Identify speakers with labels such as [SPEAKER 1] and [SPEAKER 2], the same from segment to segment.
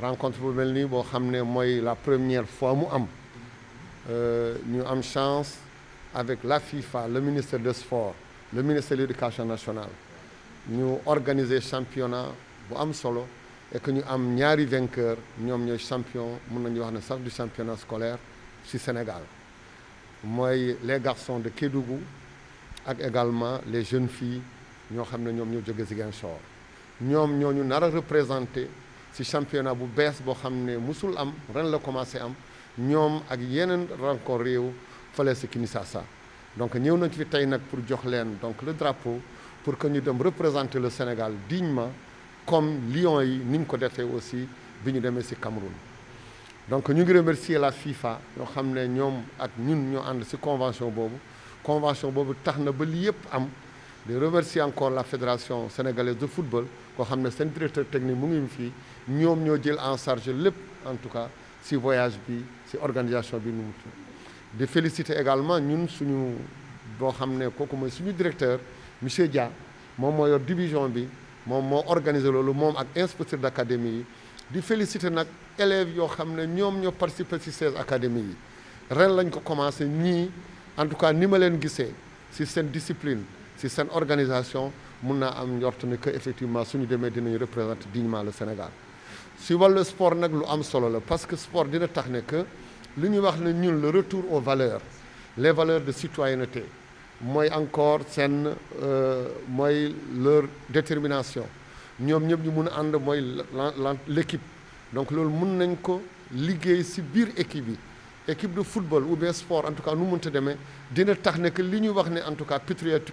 [SPEAKER 1] rencontre pour Nous c'est la première fois nous avons euh, ñu la chance avec la FIFA le ministère de sport, le ministère de l'éducation nationale d'organiser le championnat bu solo et que nous avons ñaari vainqueurs. Nous sommes champion Nous avons du championnat scolaire ci Sénégal Moi les garçons de Kédougou et également les jeunes filles Nous avons été ñoom ci championnat bu bess bo xamné musul am ren la commencé am ñom ak yenen rencontre rew falé ci Kinshasa donc ñew nañ fi tay nak pour jox donc le drapeau pour que ñu dem représenter le Sénégal dignement comme l'Ion yi niñ ko aussi bi ñu ci Cameroun. donc ñu ngi remercier la FIFA yoo xamné ñom ak ñun ñu and ci convention bobu convention bobu taxna ba li yépp am de remercier encore la fédération sénégalaise de football koo xam directeur technique mu ngi fii ñoom ñoo jël en charge lépp en tout cas si voyage bi si organisation bi nu mu féliciter également ñun suñu boo xam ne kooku mooy suñu directeur monsieur Dia mon moo yor division bi moom moo organiser loolu moom ak inspecteur d'académie yi di féliciter nag élèves yoo xam ne ñoo participer si 16 académies yi ren lañ ko commencé ñii en tout cas ni ma leen gisee si discipline si seen organisation muna am njort ni que effectivement suñu demee dinañu représenter dignement le Sénégal si le sport nak lu am solo la parce que sport dina tax ne que li wax ne ñun le retour aux valeurs les valeurs de citoyenneté moy encore euh, moy leur détermination ñom ñep ñu mëna and moy l'équipe donc lool mun nañ ko liggéey si biir équipe bi équipe de football ou bien sport en tout cas nous montons demain, dina tax ne que wax en tout cas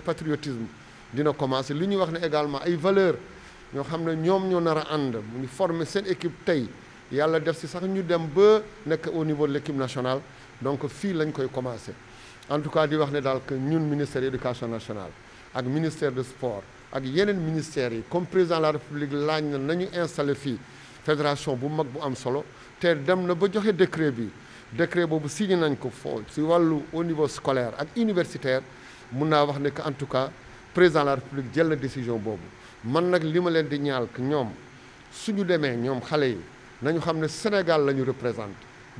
[SPEAKER 1] patriotisme dina commencé l'union wax également ay valeur Nous avons ne ñoom ñoo nar a ànd mu former équipe tay, Et def la sax ñu dem ba au niveau de l'équipe nationale donc fii lañ koy commencé en tout cas di wax ne daal que ñun ministère éducation nationale ak ministère de sport ak yeneen ministères yi comme président de la république nous na nañu installé la fédération bu mag bu am solo te dem na ba décret bi décret boobu signé nañ ko foo si wàllu au niveau scolaire ak universitaire mun naa wax ne que en tout cas président de la république jël na décision boobu man nag li ma leen di ñaal que ñoom ñu demee ñoom xale yi nañu xam ne Sénégal la ñu représenté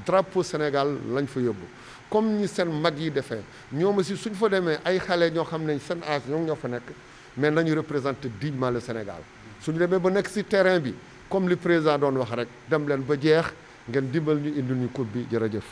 [SPEAKER 1] drapeau Sénégal lañ fa yóbbu comme ñi seen mag yi defee ñoom si suñ fa demee ay xale ñoo xam ne seen âge ñoom ñoo fa nekk mais nañu représenté dignement le Sénégal suñu demee ba nekk si terrain bi comme li président doon wax rek dem leen ba jeex ngeen dimbal ñu indil ñu coupe bi jërëjëf